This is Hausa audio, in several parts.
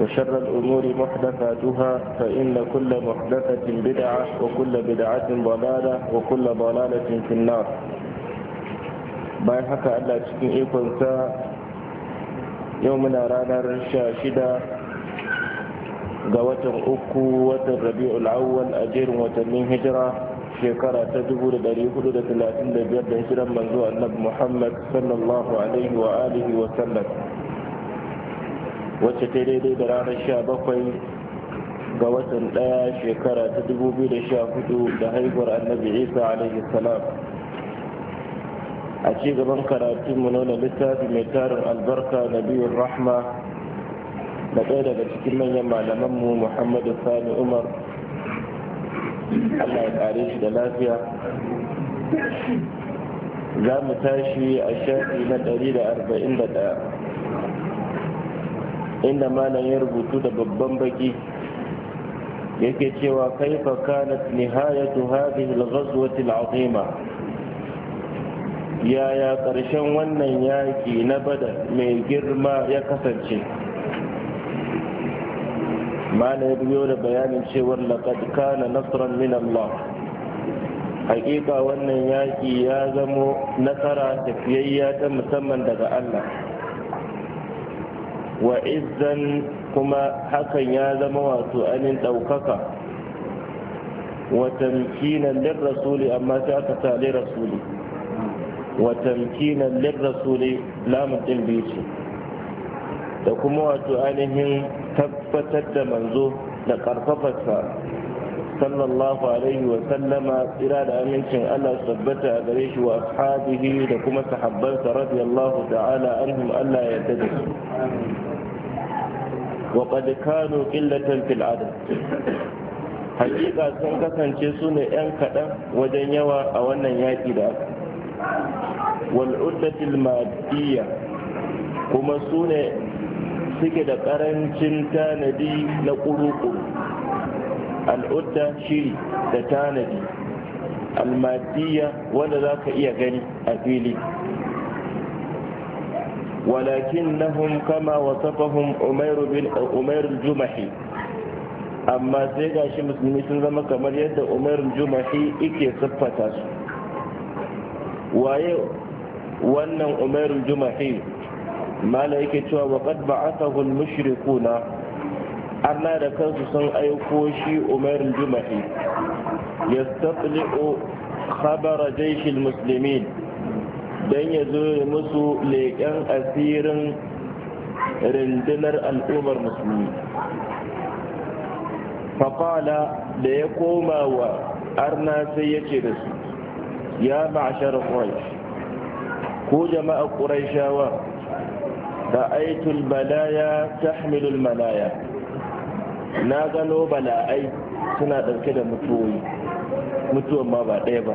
وشر الأمور محدثاتها فإن كل محدثة بدعة وكل بدعة ضلالة وكل ضلالة في النار bayan haka Allah cikin ikonsa yau muna ranar sha shida ga watan uku watan rabi'ul awwal a jerin watannin hijira shekara ta 1435 da hijiran manzo annabi Muhammad sallallahu alaihi wa wacce ta daidai da ranar sha bakwai ga watan ɗaya shekara ta dubu biyu da sha hudu da haihuwar annabi isa alaihi salam a ci gaban mu nuna littafi mai tarin albarka na biyun rahma da ɗaya daga cikin manyan mu muhammadu sani umar allah ya shi da lafiya za mu tashi a shafi na ɗari da arba'in da ɗaya inda malam ya rubutu da babban baki yake cewa kaifa kanat nihayatu hadhihi al-ghazwati al-azima yaya karshen wannan yaƙi na bada mai girma ya kasance malam ya biyo da bayanin cewar laqad kana nasran min Allah hakika wannan yaƙi ya zamo nasara tafiyayya ta musamman daga Allah wa izzan kuma hakan ya zama wato anin ɗaukaka wa tamkinan lir rasuli amma sai aka sa lir rasuli wa tamkinan lir rasuli lamun din biyu ce da kuma wato ainihin tabbatar da manzo da karfafarsa sallallahu alaihi wa sallama tsira da amincin Allah tabbata a gare shi wa ashabihi da kuma sahabbansa radiyallahu ta'ala anhum Allah ya tada وقد كانوا قلة في العدد hakika sun kasance su ne 'yan kaɗan wajen yawa a wannan yaƙi da aka wal'uddatil madiyya kuma su ne suke da ƙarancin tanadi na ƙuruƙuru al'udda shiri da tanadi almadiyya wanda za ka iya gani a fili na ولكنهم كما وصفهم عمير بن عمير الجمحي amma sai gashi shi musulmi sun zama kamar yadda umar jumahi ike siffata waye wannan umar jumahi mala yake cewa wa qad ba'athahu al-mushrikuna Allah da kansu sun aiko shi umar jumahi yastaqli'u khabara jaysh al-muslimin Dan ya zo ya musu leƙen asirin rundunar al'ummar musulmi faƙala da ya koma wa arna sai ya ce da su ya ma'ashar ƙwaish ko jama'a ƙuraishawa ra'aitul balaya hamilul malaya na gano bala'ai suna ɗauke da mutuwa ma ba ɗaya ba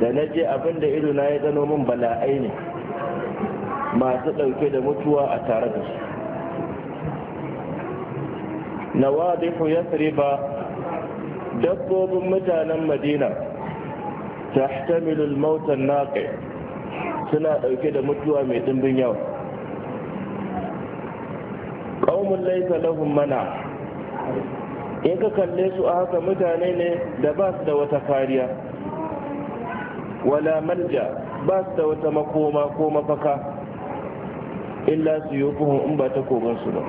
da na je abin da ido na ya gano min bala'ai ne masu ɗauke da mutuwa a tare da su na wadihu ya ba dabbobin mutanen madina tahtamilul mautan naƙi suna ɗauke da mutuwa mai ɗimbin yawa ƙaumin laifin lahun mana in ka kalle su a haka mutane ne da ba su da wata kariya wala malja ba su da wata makoma ko mafaka illa su yi in ba ta ba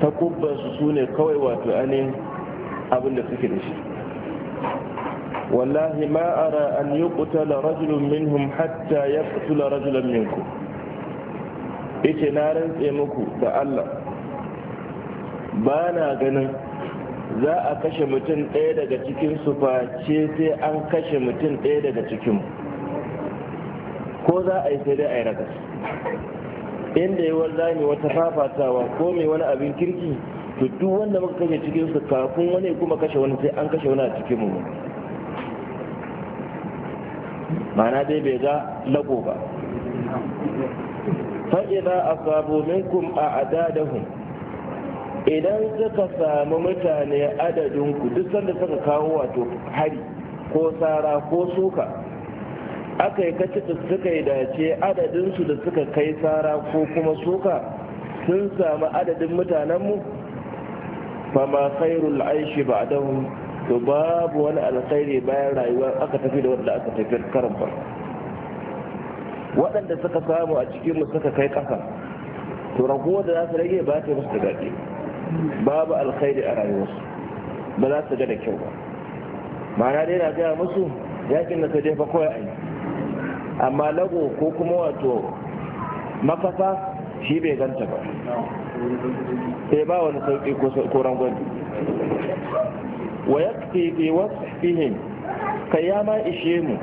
ta kubbansu su ne kawai wato ainihin abin da suke da shi wallahi ma ara an yi kutala rajulun minhum hatta ya kutula rajulun minku ita na rantse muku da allah ba na ganin za a kashe mutum ɗaya daga cikin su face sai an kashe mutum ɗaya daga cikin ko za a yi sai dai a yi ragas inda yi wanda ne wata fafatawa ko mai wani abin kirki to duk wanda muka kashe cikin su kafin wani kuma kashe wani sai an kashe wani a cikin mu ma'ana dai bai ga lago ba fa'ida asabu minkum a'adadahum idan suka samu mutane adadin ku duk sanda suka kawo wato hari ko tsara ko suka aka yi kaci da suka yi dace adadinsu da suka kai sara ko kuma suka sun samu adadin mutanenmu fama khairul aishi ba to babu wani alkhairi bayan rayuwa aka tafi da wanda aka tafi karan ba waɗanda suka samu a cikinmu suka kai ƙasa to rago da za su rage ba ta musu daɗi babu alkhairi a rayuwarsu ba za su ga da kyau ba ma'ana dai na gaya musu yakin da ta jefa kawai a yi amma lago ko kuma wato makasa shi bai ganta ba sai ba wani sauƙi ko rangwani wa ya fi wasfihim kai ya ma ishe mu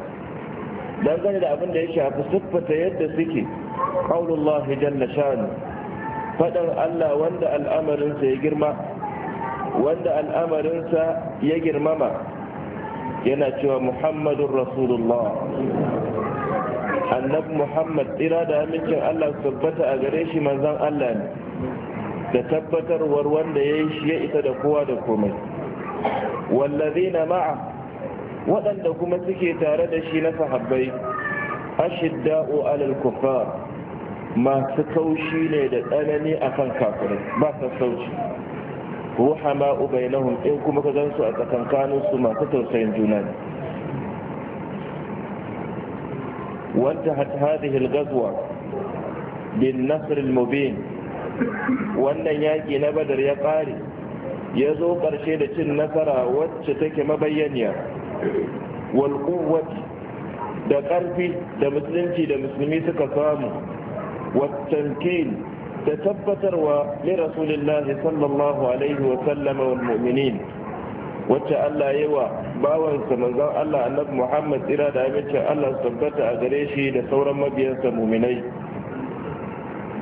dangane da abin da ya shafi siffata yadda suke qaulullahi jalla sha'anu faɗin Allah wanda al'amarinsa ya girma wanda al'amarinsa ya girmama yana cewa Muhammadun Rasulullah annab Muhammad tsira da amincin Allah tabbata a gare shi manzan Allah ne da tabbatarwar wanda ya yi shi ya isa da kowa da komai wallazina ma'a waɗanda kuma suke tare da shi na sahabbai ashidda'u alal kuffar masu kaushi ne da tsanani akan kafirai ba sassauci ruhama na in kuma ka gansu a tsakankanin su masu tausayin juna ne wanda hadhihi al bin nasr mubin wannan yaƙi na badar ya kare ya zo ƙarshe da cin nasara wacce take mabayyaniya wal da ƙarfi da musulunci da musulmi suka samu والتمكين تتبتر لرسول الله صلى الله عليه وسلم والمؤمنين wacce Allah ya wa bawansa manzon Allah annabi Muhammad tsira da amincin Allah su tabbata a gare shi da sauran mabiyansa muminai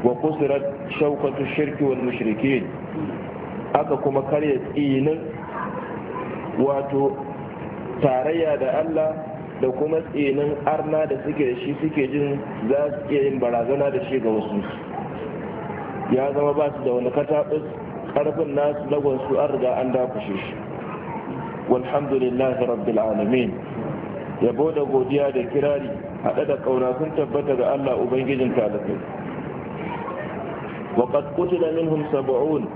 wa kusurat shaukatu shirki wal mushrikin aka kuma karya tsinin wato tarayya da Allah da kuma tsinin arna da suke da shi suke jin za su iya yin barazana da shi ga wasu ya zama ba su da wani kataɓus ƙarfin nasu lagon su an riga an dakushe shi walhamdulillah rabbil alamin yabo da godiya da kirari haɗe da ƙauna sun tabbata ga allah ubangijin talakai وقد قتل minhum sab'un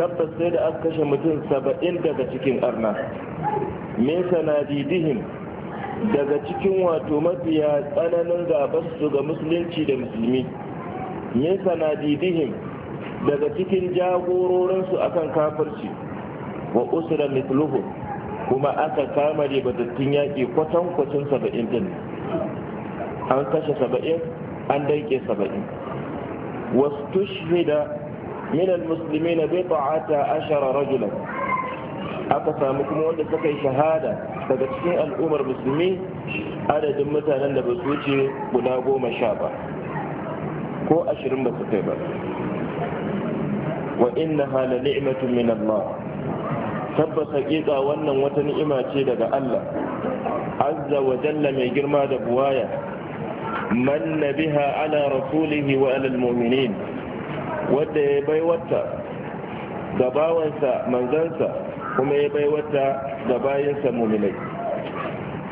tabbas sai da aka kashe mutum saba'in daga cikin arna min sanadidihim daga cikin wato mafiya tsananin gabasu ga musulunci da musulmi min sanadidihim daga cikin jagororinsu akan kafirci wa usra mithluhu kuma aka kama da dattin yaƙi kwatan kwacin saba'in din an kashe saba'in an danke saba'in wasu tushida min al-musulmi na bai ta'ata ashara rajulan aka samu kuma wanda suka yi shahada daga cikin al'ummar musulmi adadin mutanen da ba su wuce guda goma sha ba ko ashirin ba su kai ba wa inna hala ni'matun min Allah tabbas haƙiƙa wannan wata ni'ima ce daga Allah azza wa jalla mai girma da buwaya manna biha ala rasulihi wa alal mu'minin wadda ya baiwata ga bawansa manzansa kuma ya baiwata da bayansa muminai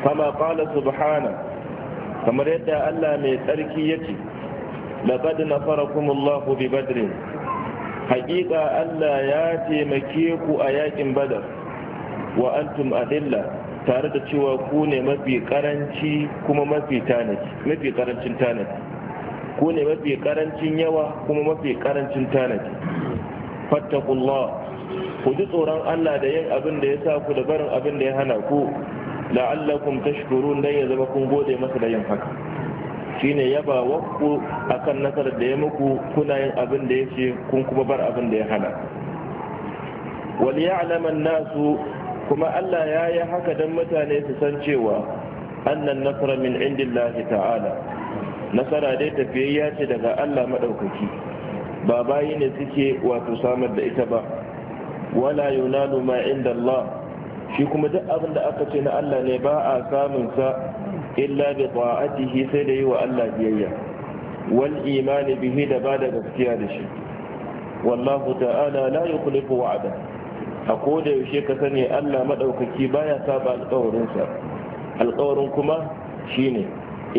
kama qala subhana kamar yadda Allah mai tsarki yace laqad nafarakumullahu bi badrin haƙiƙa Allah ya taimake ku a yakin badar wa antum adilla tare da cewa ku ne mafi karanci kuma mafi tanaki mafi karancin tanaki ku ne mafi karancin yawa kuma mafi karancin tanaki fattakullah ku ji tsoron Allah da yin abin da ya sa ku da barin abin da ya hana ku la'allakum tashkurun dan ya zama kun gode masa da yin haka shine yaba wakku akan nasarar da ya muku kuna yin abin da yake kun kuma bar abin da ya hana wal ya'lamu nasu kuma Allah ya yi haka dan mutane su san cewa annan nasara min indillahi ta'ala nasara dai tafiyayya ce daga Allah madaukaki ba bayi ne suke wato samar da ita ba wala yunalu ma inda Allah shi kuma duk abin da aka ce na Allah ne ba a samun sa illa bi ta'atihi sai da yi wa Allah biyayya wal imani bihi da ba da gaskiya da shi wallahu ta'ala la yukhlifu wa'ada a koda yaushe ka sani Allah madaukaki baya saba alƙawarin sa alƙawarin kuma shine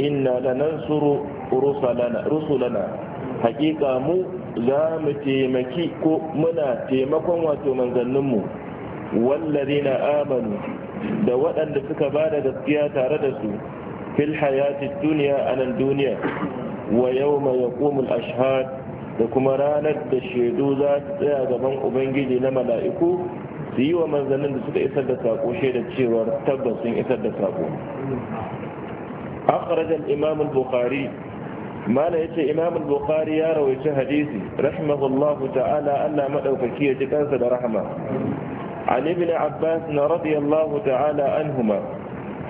inna lanansuru rusulana rusulana haƙiƙa mu za mu taimaki ko muna taimakon wato manzanninmu wallari na amanu da waɗanda suka ba da gaskiya tare da su fil hayati duniya a nan duniya wa yau mai yaƙumul ashhad da kuma ranar da shaidu za su tsaya gaban ubangiji na mala'iku su yi wa manzannin da suka isar da saƙo shaidar cewar tabbas sun isar da saƙo أخرج الإمام bukari. mala ya ce imam bukhari ya rawaici hadisi rahimahullahu ta'ala allah maɗaukaki ya ji kansa da rahama an ibn abbas na radiyallahu ta'ala huma.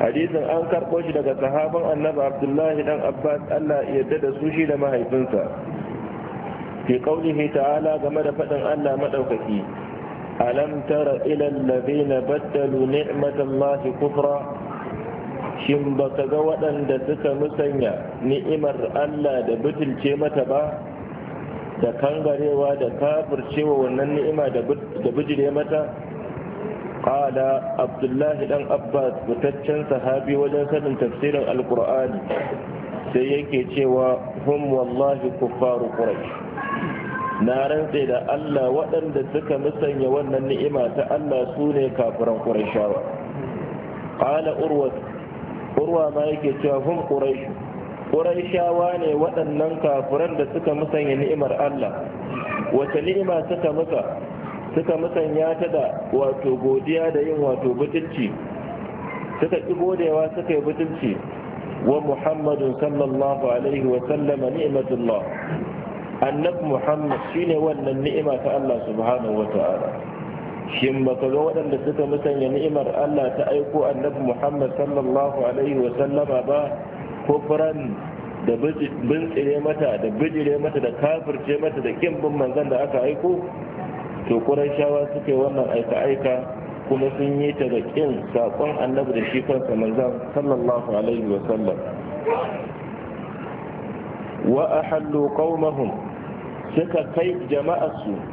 hadisin an karɓo shi daga sahaban annabi abdullahi dan abbas allah yadda da su shi da mahaifinsa fi qaulihi ta'ala game da faɗin allah maɗaukaki alam tara ila alladhina baddalu ni'matallahi kufra shin ba ka ga waɗanda suka musanya ni'imar Allah da butulce mata ba da kangarewa da kafircewa wannan ni'ima da bijire mata qala abdullahi dan abbas fitaccen sahabi wajen sanin tafsirin alkur'ani sai yake cewa hum wallahi kuffaru quraish na rantse da Allah waɗanda suka musanya wannan ni'ima ta Allah su ne kafiran qurayshawa qala urwa urwa ma yake cewa hum quraish shawa ne waɗannan kafiran da suka musanya ni'imar Allah wace ni'ima suka musa suka musanya ta da wato godiya da yin wato butulci suka ki godewa suka yi butulci wa muhammadun sallallahu alaihi wa sallama ni'matullah annab muhammad shine wannan ni'ima ta Allah subhanahu wa ta'ala shin baka ga waɗanda suka musanya ni'imar Allah ta aiko annabi Muhammad sallallahu alaihi wa sallama ba kufran da bintsire mata da bijire mata da kafirce mata da kin bin manzon da aka aiko to shawa suke wannan aika aika kuma sun yi ta da kin sakon annabi da shi kansa manzon sallallahu alaihi wa sallam wa ahallu qaumahum suka kai jama'arsu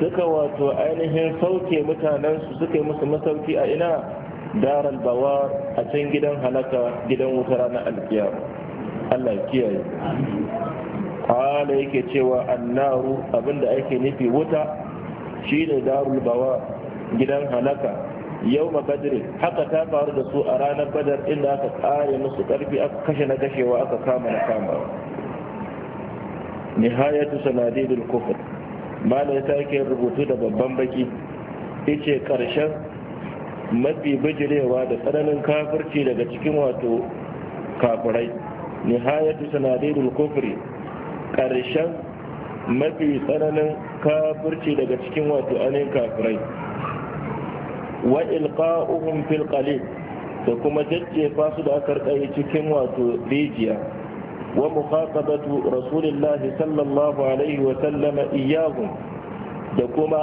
suka wato ainihin sauke mutanensu suka yi musu masauki a ina daral bawa a can gidan halaka gidan wuta ranar alkiyar allah kiyaye kala yake cewa annaru abinda ake nufi wuta shine darul bawa gidan halaka yau badri haka ta faru da su a ranar badar inda aka kare musu karfi aka kashe na kashewa aka kama na kama nihayatu sanadidul kufur malam ta yake rubutu da babban baki yace karshen mafi bijirewa da tsananin kafirci daga cikin wato kafirai nihayatu sanadidul kufri karshen mafi tsananin kafirci daga cikin wato anin kafirai wa ilqa'uhum fil qalil da kuma jajjefa su da aka cikin wato rijiya ومخاطبة رسول الله صلى الله عليه وسلم إياهم دكما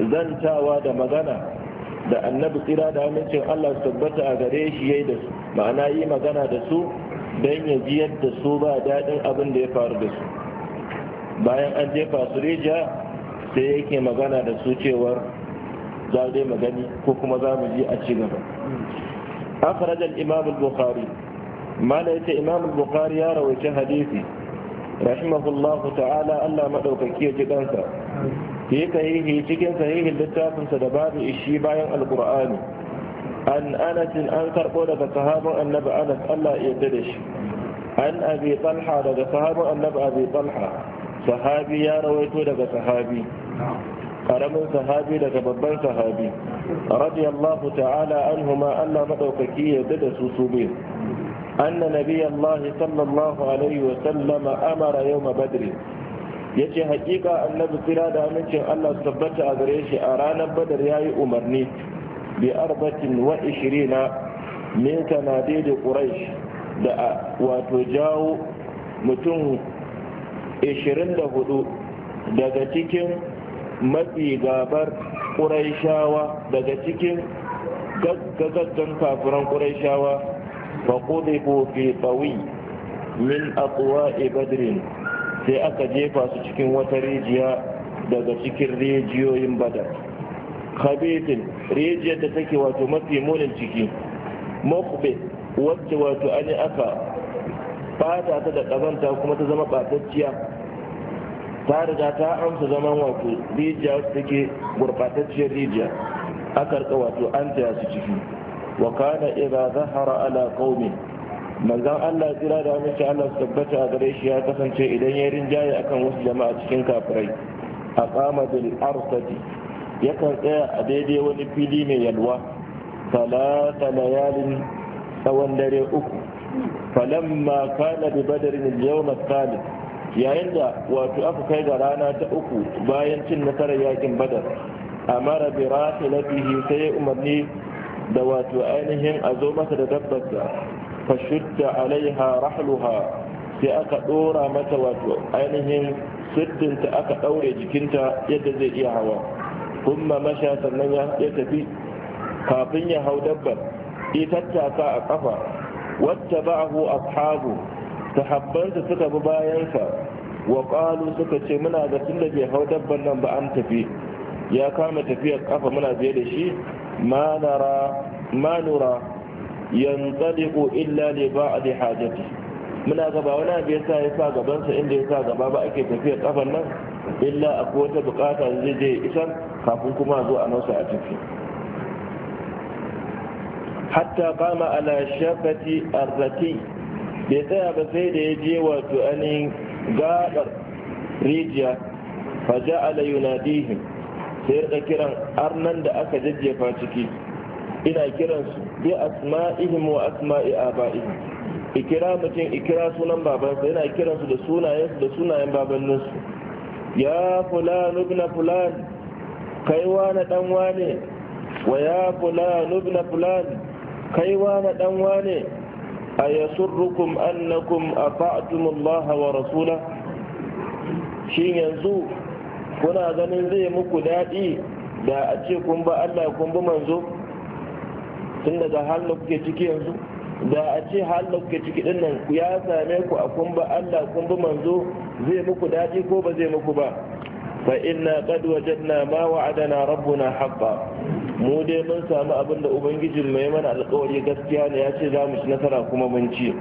زنتا ودمغنا da annabi tsira da amincin Allah su tabbata a gare shi yayi da su ma'ana yi magana da su don ya ji yadda su ba daɗin abin da ya faru da su bayan an jefa su rija sai yake magana da su cewar za dai magani ko kuma za mu ji a ci gaba akhraja al-imam al-bukhari ma da yace imam bukhari ya rawaita hadisi rahimahullah ta'ala Allah madaukaki ya ji kansa yi sahihi cikin sahihin littafin sa da babu ishi bayan alqur'ani an anas an karbo daga sahabban annabi anas Allah ya tada shi an abi talha daga sahabban annabi abi talha sahabi ya rawaito daga sahabi karamin sahabi daga babban sahabi radiyallahu ta'ala anhuma Allah madaukaki ya tada su su biyu أن نبي الله صلى الله عليه وسلم أمر يوم بدر yace hakika annabi kira da amincin Allah su tabbata a gare shi a ranar badar ya yi umarni bi arbatin wa ishirina min na da quraish da wato jawo mutum 24 daga cikin mafi gabar ƙuraishawa daga cikin gaggagaggan kafiran ƙuraishawa فقذفوا في طوي من أطواء بدر sai aka jefa su cikin wata rijiya daga cikin rijiyoyin badar khabitin rijiyar da take wato mafi munin ciki mokbe wacce wato an yi aka fata ta da kazanta kuma ta zama batacciya ta riga ta amsa zaman wato rijiya wacce take gurbatacciyar rijiya aka rika wato an su ciki wa kana idza zahara ala qaumi manzon Allah jira da mace Allah tabbata a gare shi ya kasance idan ya rinjaye akan wasu jama'a cikin kafirai aqama bil arsati yakan tsaya a daidai wani fili mai yalwa talata layalin tsawon dare uku falamma kana bi badarin yawm thalith yayin da wato aka kai ga rana ta uku bayan cin nasarar yakin badar amara bi lafihi sai umarni da wato ainihin a zo masa da dabbarsa fa shudda alaiha rahluha sai aka dora mata wato ainihin siddinta aka daure jikinta yadda zai iya hawa kuma masha sannan ya tafi kafin ya hau dabbar ita tattaka a kafa wata ba'ahu ashabu sahabbansa suka bi bayansa wa qalu suka ce muna da tunda bai hau dabbar nan ba an tafi ya kama tafiyar kafa muna biye da shi ma nara ma nura yantaliqu illa li ba'di muna gaba wani abu yasa ya sa gabansa inda ya sa gaba ba ake tafiya kafan nan illa akwai wata bukata zai je isar kafin kuma zo a nausa a tafi hatta kama ala shafati arrati bai tsaya ba sai da ya je wato anin gabar rijiya faja ala yunadihim sai da kiran arnan da aka jajjefa ciki ina kiran su bi asma'ihim wa asma'i aba'ihim ikira mutum ikira sunan babansa yana kiran su da sunayen da sunayen babanninsu ya fulan ibn fulan kai wani dan wane wa ya fulan ibn fulan kai wani dan wane ayasurrukum annakum ata'tumullaha wa rasula shin yanzu kuna ganin zai muku daɗi da a ce kun ba Allah kun bi manzo tun daga halin kuke ciki yanzu da a ce halin kuke ciki din nan ya same ku a kun ba Allah kun bi manzo zai muku daɗi ko ba zai muku ba fa inna qad wajadna ma wa'adana rabbuna haqqan mu dai mun samu abin da ubangijin mai mana alƙawari gaskiya ne ya ce za mu ci nasara kuma mun ci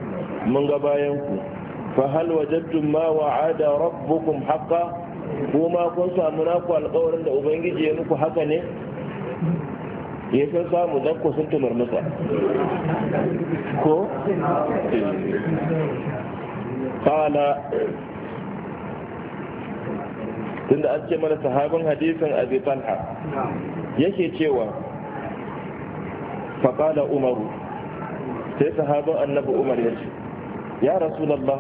mun ga bayan ku fa hal wajadtum ma wa'ada rabbukum haqqan kuma kun samu naku alkawarin da ubangiji ya muku haka ne ya san samu dan ku sun tumar masa ko kala tunda an ce mana sahabin hadisin abi talha yake cewa faƙala umaru sai sahabin annabi umar ya ce ya rasulallah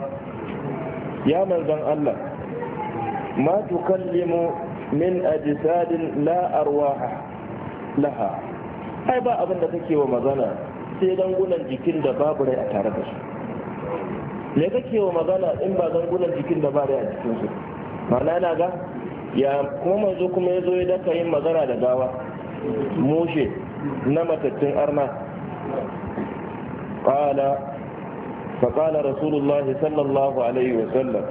ya manzan allah ما تكلم من أجساد لا أرواح لها أي با أبن تكي ومغانا سيدان قولا جكين دباب رأي أتاربش me kake wa magana in ba zangunan jikin da ba rai a cikin su ma'ana na ga ya kuma manzo kuma ya zo ya daka yin magana da gawa mushe na matattun arna qala fa qala sallallahu alaihi wa sallam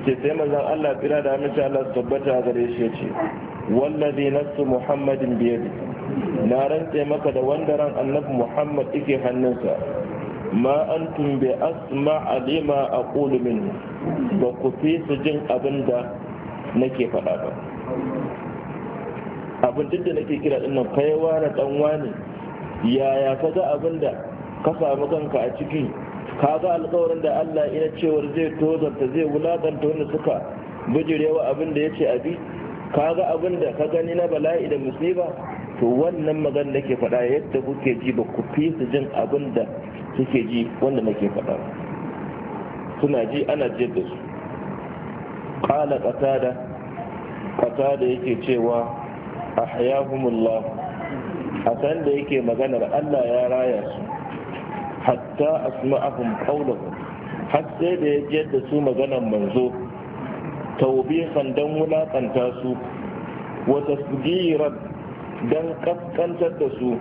sai manzon Allah tsira da amince Allah su tabbata gare shi yace wallazi nafsu muhammadin biyadi na rantse maka da wanda ran annabi muhammad yake hannunsa ma antum bi asma alima aqulu minhu ba ku fi su jin abin da nake faɗa ba abin duk da nake kira dinnan kaiwa na dan wani yaya ka ga abin da ka samu kanka a ciki Ka ga alƙawarin da Allah ya ce cewar zai tozarta zai wulaƙanta wanda suka bijirewa abin da ya ce abi ga abin da ka gani na bala'i da musiba to wannan magana ke faɗa yadda kuke ji ba ku fi su jin abin da suke ji wanda nake faɗa suna ji ana jin da su ƙala ƙasada ƙasada yake cewa ahyahumullah a san da yake maganar Allah ya raya su hatta asma'ahum qawluhu har sai da ya jiyar da su maganan manzo taubihan dan wulakanta su wa tasgiran dan ƙasƙantar da su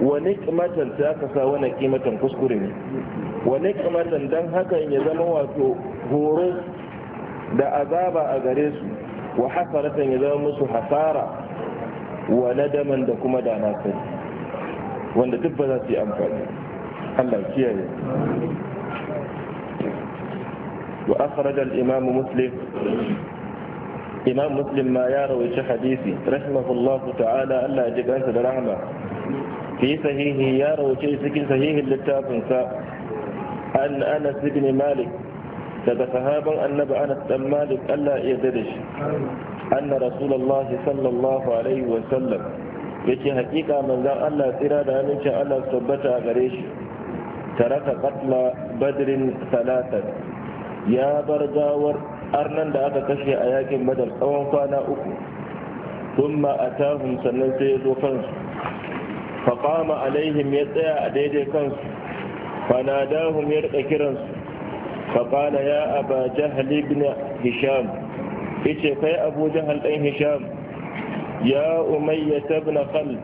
wa nikmatan ta aka sa wani kimatan kuskure ne wa nikmatan dan hakan ya zama wato horo da azaba a gare su wa hasaratan ya zama musu hasara wa nadaman da kuma da sai wanda duk ba za su yi amfani الله كيئة وأخرج الإمام مسلم إمام مسلم ما يروي حديثي رحمه الله تعالى ألا يجب أنسى في صحيحه يروي شيء سكن صحيح للتاب انساء أن أنس بن مالك تتفهابا أن بأن مالك ألا يدرش أن رسول الله صلى الله عليه وسلم يشي حقيقة من ذا ألا سرادة من شاء الله سبتا غريش taraka katla badrin talatan ya bar gawar arnan da aka kashe a yakin badar tsawon kwana uku thumma atahum sannan sai ya zo kansu faqama alaihim ya tsaya a daidai kansu fanadahum ya rika kiransu faqala ya aba jahl ibn hisham yace kai abu jahl dan hisham ya umayya ibn khalid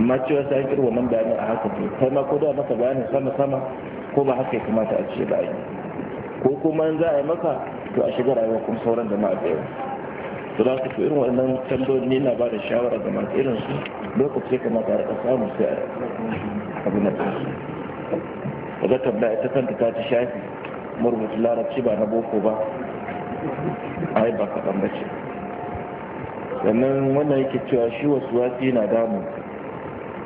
amma cewa sai kirwa wannan bayanin a haka to kai ma ko da maka bayanin sama sama ko ba haka ya kamata a ce ba yi ko kuma za a yi maka to a shiga rayuwa kuma sauran da ma'a da yawa to za ku fi irin wannan tambayoyi ne na ba da shawara ga masu irin su lokaci kamata a rika samu sai a abu na daga tambaya ita kanta ta ci shafi murmutu larabci ba na boko ba ai ba kaɗan ba ce sannan wannan yake cewa shi wasu wasi na damun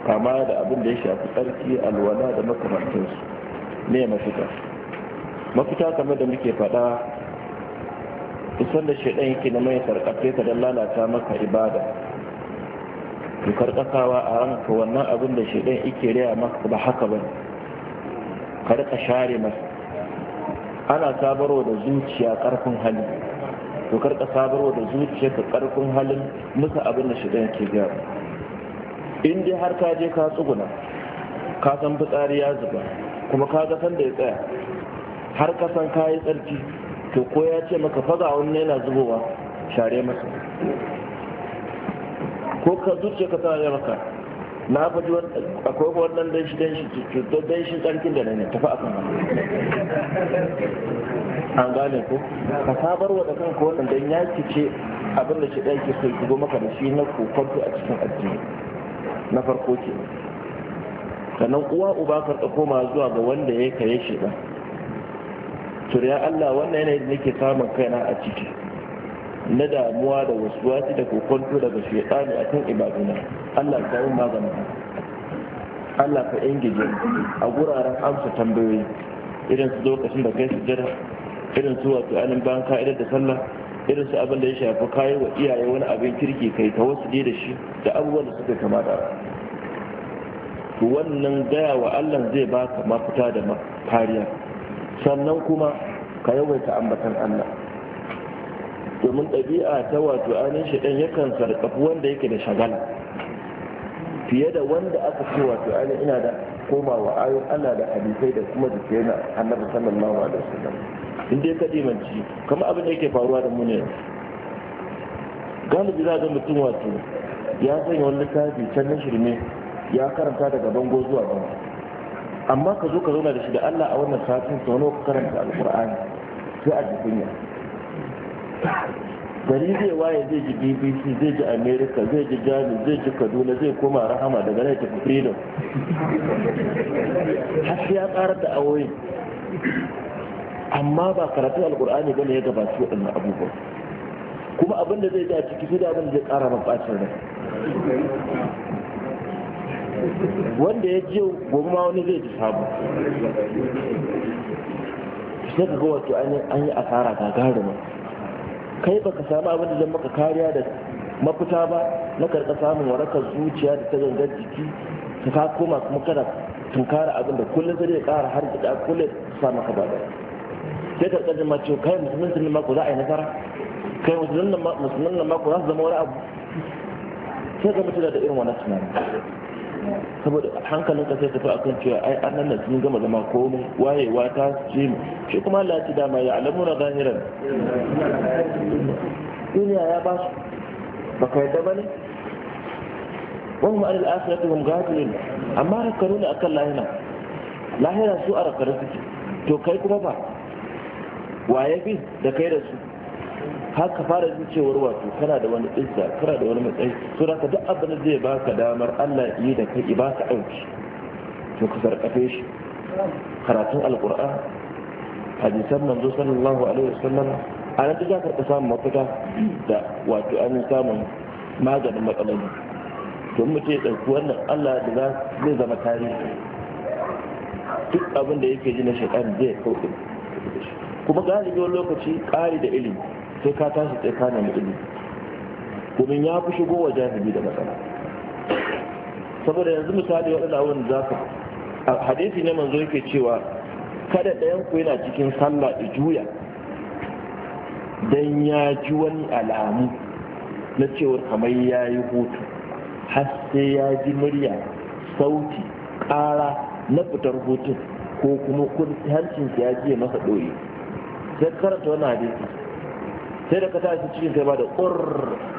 kama da abin da ya shafi tsarki alwala da makamantansu ne mafita mafita kamar da muke faɗa Kusan da shaidan yake na mai sarƙafe ka don lalata maka ibada to karkakawa a ranka wannan abin da shaidan yake raya maka ba haka ba karka share masa ana sabarwa da zuciya ƙarfin hali to karka sabarwa da zuciya ka ƙarfin halin musa abin da shaidan yake gaba in dai har ka je ka tsuguna ka san fitsari ya zuba kuma ka ga san da ya tsaya har ka san ka yi tsarki to ko ya ce maka faga wani yana zubowa share masa ko ka zuce ka tsaya maka na faji akwai wannan dan shi dan shi dan shi tsarkin da ne tafi a akan an gane ko ka sabar wa da kanka wannan dan ya ce abin da shi dan ke so ki go maka da shi na kokonto a cikin addini na farko ke sannan uwa uba karɓa koma zuwa ga wanda ya kaye shiga ya Allah wannan yanayi da nake samun kaina a ciki na damuwa da wasuwaci da kokonto daga a akan ibaduna Allah ka yi magana Allah ka ingije a guraren amsa tambayoyi irin su lokacin da kai su jira, irin su wato anin banka idar da sallah irin su abin da ya shafi kayan wa iyaye wani abin kirki kai ta wasu da shi da abubuwan da suka kama da to wannan gaya wa Allah zai baka mafita da kariya sannan kuma ka yawaita ambatan Allah domin ɗabi'a ta wato ainihin shaɗan yakan sarƙafi wanda yake da shagala fiye da wanda aka ce wato ainihin ina da komawa ayon Allah da hadisai da kuma da na annabi sallallahu alaihi wasallam inda ya kaɗe manci kamar abin da yake faruwa da mu galibi za ga mutum wato ya sanya wani littafi can na shirme ya karanta daga bango zuwa bango amma ka zo ka zauna da shi da Allah a wannan satin ta wani karanta alkur'ani sai a ji kunya gari zai waye zai ji bbc zai ji america zai ji jami zai ji kaduna zai koma rahama daga nan tafi freedom har sai ya karar da awoyin amma ba karatu alkur'ani bane ya gabaci waɗannan abubuwa kuma abin da zai ja ciki sai da abin da zai ƙara man bacin rai wanda ya ji gobe ma wani zai ji sabu sai ka ga wato an yi asara gagaruma kai baka samu abin da zai maka kariya da mafita ba na karka samun warakar zuciya da ta gangar jiki ka koma kuma kada tunkara abin da kullum zai ƙara har gida kullum sa maka ba sai ka tsaji ma cewa kai musulmin nan mako za a yi nasara kai musulmin nan mako za su zama wani abu sai ka mutu da irin wannan tunanin saboda hankalin ka sai tafi kan cewa ai annan nan sun gama zama komai wayewa ta ce mu shi kuma Allah ya ci dama ya na zahiran duniya ya ba su baka yadda ba ne wani ma'an al'asiratu hum gafilin amma rakkaru ne akan lahira lahira su a rakkanu suke to kai kuma ba waye bi da kai da su haka fara jin cewar wato kana da wani izza kana da wani matsayi to da duk abin da zai baka damar Allah yi da kai ba ka auki to ka sarkafe shi karatun alqur'an hadisan manzo sallallahu alaihi wasallam a nan ta ka samun mafita da wato an samun maganin matsaloli to mu ce ɗauki wannan Allah da za zai zama tarihi duk abin da yake ji na shaitan zai kauɗe kuma galibi wani lokaci ƙari da ilimi sai ka tashi sai ka nemi ilimi domin ya fi shigo wa jahili da matsala saboda yanzu misali waɗanda abin za ka hadisi ne manzo yake cewa kada ɗayan ku yana cikin sallah da juya dan ya ji wani alamu na cewar kamar ya yi hutu har sai ya ji murya sauti ƙara na fitar hutun ko kuma hancin ya ji masa ɗoyi sai karanta wannan hadisi sai da ka ta shi cikin kai ba da kur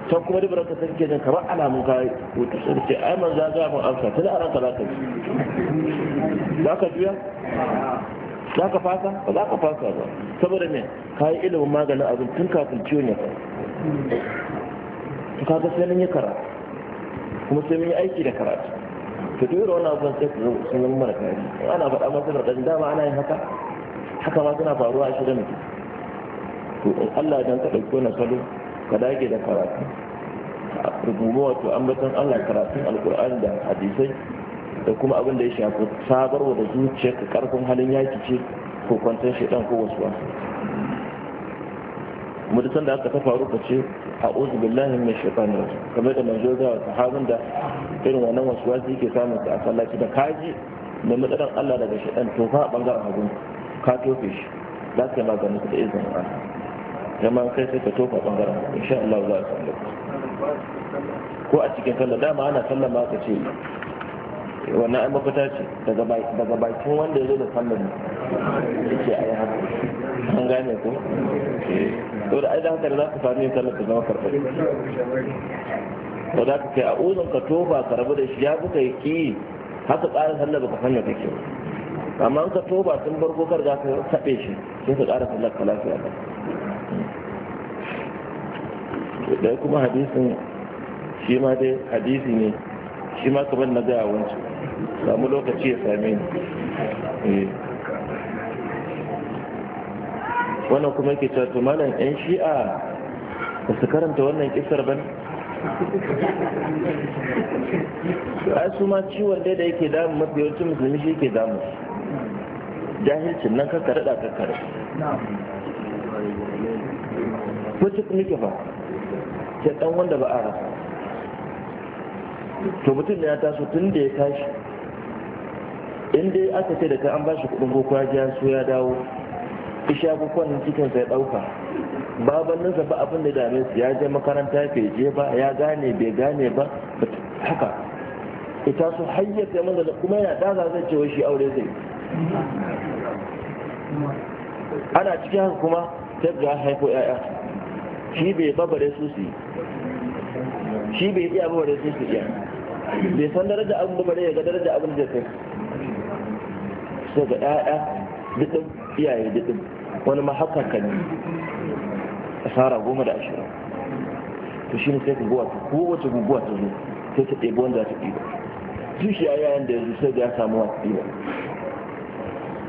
ta kuma duk baraka san kenan kamar alamun kai wuta sai ce ai man za ga mun amsa tana aran ranka za ka ji za ka juya za ka fasa ba za ka fasa ba saboda me ka yi ilimin maganin abin tun kafin ciwon ya faru to kaga sai mun yi karatu kuma sai mun yi aiki da karatu to duk da wannan abin sai ku zo sun yi mana kai ana faɗa masa da dama ana yin haka haka ma suna faruwa a shirin to in Allah dan ka dauki wannan salo ka dage da karatu rubuwa wato ambaton Allah karatun alqur'ani da hadisai da kuma abin da ya shafi sabarwa da ka karfin halin yaki ce ko kwantar shaidan ko wasu wasu kuma duk sanda aka ta faru ka ce a uzu billahi mai shaitan ne kamar da manzo ga sahabin da irin wannan wasu wasu yake samun ta a sallaci da kaji da matsalar Allah daga shaidan to fa bangaren hagun ka tofe shi za ka yi maganin da izin Allah zama kai sai ka tofa bangaren insha Allah za ka samu ko a cikin sallah dama ana sallah ma ka ce eh, wannan an mafita ce daga bakin wanda ya zo da sallah ne yake a yi haka an gane ko to eh, da aidan haka da za ka sami yin sallah ka zama karɓar ko za ka kai a uzun ka tofa ka rabu da shi ya fi ka yi haka tsarin sallah ba ka sanya take ba amma in ka toba sun bar kar za ka taɓe shi sun ka ƙara sallar ka lafiya ba ɗaya kuma hadisin shi ma dai hadisi ne shi ma kamar na gaya wancan samu lokaci ya same ni eh. wannan kuma yake cewa to malam yan shi'a ba su karanta wannan kisar ba ai su ma ciwon dai da yake damu mafi yawancin musulmi shi yake damu jahilcin nan ka ka rada ko rada kuma muke fa Ke dan wanda ba a rasa to mutum ne ya taso tun da ya tashi in dai aka ce da kai an bashi kudin boko ya so ya dawo isha bukwan cikin sai dauka babanninsa ba abin da dame su ya je makaranta bai je ba ya gane bai gane ba haka ita su hayyata manzana kuma yana daga zai cewa shi aure zai ana cikin haka kuma ta ga haifo ya'ya shi bai babare su su shi bai iya babare su su iya bai san daraja abin da ya ga daraja abin da kai sai ga ya'ya dukkan iyaye dukkan wani ma ne a tsara goma da ashirin to shi ne sai guguwa ta kowace guguwa ta zo sai ta ɗebi wanda ta ɗiba zuciya yayin da yanzu sai ya samu wata ɗiba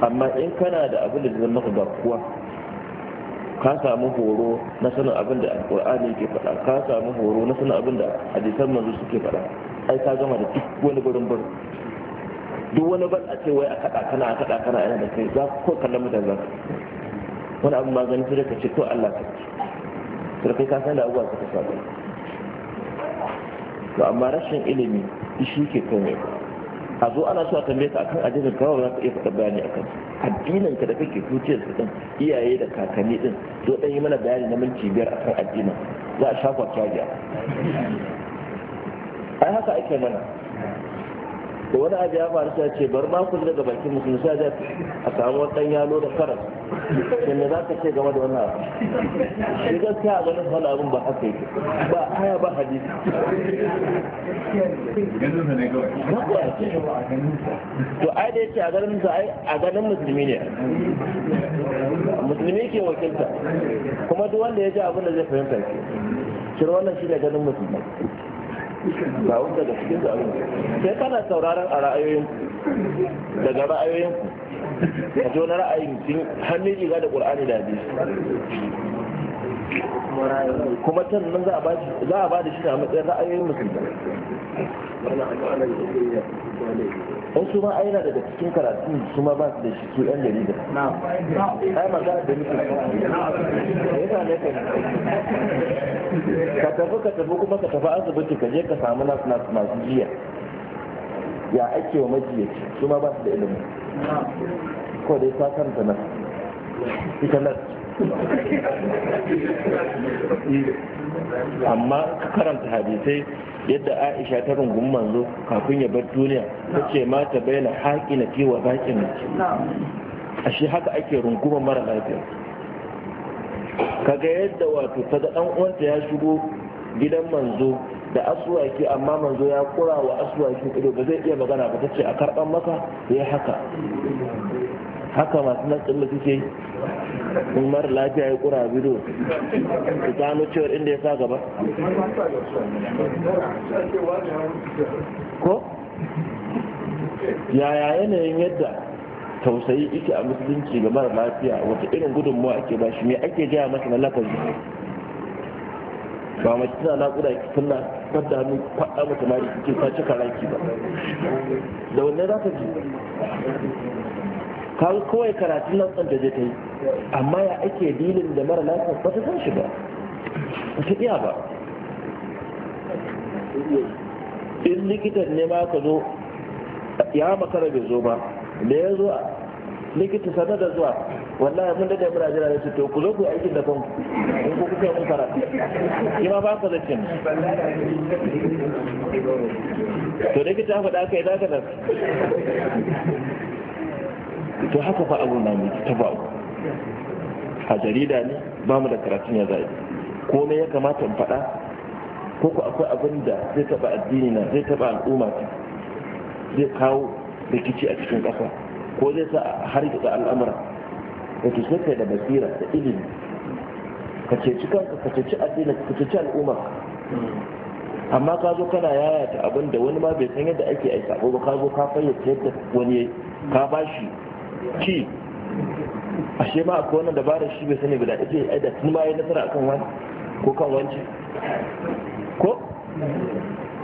amma in kana da abin da zai maka garkuwa ka samu horo na sanin abin da alkur'ani ke faɗa ka samu horo na sanin abin da hadisan manzo suke faɗa ai ka gama da duk wani gurin bar duk wani bar a ce wai a kaɗa kana a kaɗa kana yana da kai za ku ko kallon mutan za wani abin magani sai ka ce to Allah ka ce sai kai ka san da abubuwa suka saba to amma rashin ilimi shi ke kai mai ba a zo ana so a tambaye ta akan addinin kawo za ka iya faɗa bayani akan addinin ka da kake kuciyar su ɗin iyaye da kakanni ɗin zo ɗan yi mana bayani na minti biyar akan addinin za a shafa caji ai haka ake mana da wani abu ya faru ce bar ma ku daga bakin mutum sa da a samu wannan yalo da karas shin da zaka ce game da wannan abu shi gaskiya a ganin wani abun ba haka yake ba aya ba hadisi to ai da yace a ganin sa ai a ganin musulmi ne musulmi ke wakilta kuma duk wanda ya ji abin da zai fahimta shi wannan shi ne ganin musulmi ba wanda da cikin su abin sai kana sauraron a ra'ayoyin daga ra'ayoyin ku a jo na ra'ayin sun hannun riga da qur'ani da hadisi kuma can nan za a ba da shi a matsayin ra'ayoyin musulmi wasu ma yana daga cikin karatu su ma ba su da shi su yan jarida ai magana da nufin yana ne ka tafi ka tafi kuma ka tafi asibiti ka je ka samu nasu nasu masu jiya ya ake wa majiyaci su ma ba su da ilimi ko dai ta kanta nan ita nan amma ka karanta hadisai yadda aisha ta rungun manzo kafin ya bar duniya ta ce mata bayyana haƙi na fi wa na mace a shi haka ake runguma mara lafiya kaga yadda wato ta ga ɗan uwanta ya shigo gidan manzo da asuwaki amma manzo ya kura wa asuwaki ido ba zai iya magana ba ta ce a karɓar masa ya haka haka masu nan suke umar mara lafiya ya kura bido ku gano cewar inda ya sa gaba ko yaya yanayin yadda tausayi ike a musulunci ga mara lafiya wata irin gudunmawa ake ba shi ne ake gaya masa na lafazi ba mace tana naƙuda ki tunna fadda hannu faɗa mata mari kike ta cika raki ba da wanne za ka ji kawo kawai karatun lantsan da ta yi amma ya ake dilin da mara lantsan ba ta san shi ba ta iya ba in likitan ne ma ka zo ya makara bai zo ba da ya zo likita sana da zuwa wallahi mun da muna jira da to ku zo ku aikin da kan in ku kuka mun fara, shi ma ba ka da kin to da kita faɗa kai da ka to haka fa abu na mai ta ba a jarida ne ba mu da karatun ya zai ko me ya kamata in faɗa ko ku akwai abin da zai taɓa addini na zai taɓa al'umma ta zai kawo rikici a cikin ƙasa ko zai sa a da al'amura ke sai kai da basira da ilimi ka ceci kanka ka ceci addini ka ceci al'umma amma ka zo kana yayata abin da wani ma bai san yadda ake aika ba ka zo ka fayyace yadda wani ka bashi ki ashe ma akwai wannan dabarar shi bai sani guda ita ai da tun ma yayi nasara akan wani ko kan wanci ko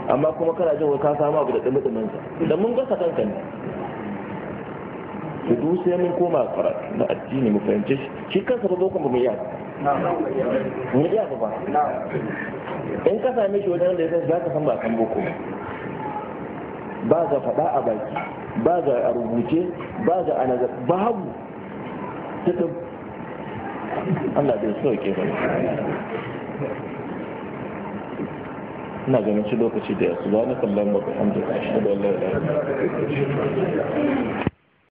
amma kuma kana jin wai ka samu abu da dumi dumin sa da mun gasa kanka ne to duk sai mun koma karatu na addini mu fahimce shi shi kansa ba boko ba mu iya mu iya ba in ka same shi wajen da ya san za ka san ba a kan boko ba. ba ga faɗa a baki ba ga a rubuce ba ga a nazar babu tutum Allah bai so ke ba ina ganin shi lokaci da ya su ba na kallon ba ka hamdu ka shi da Allah ya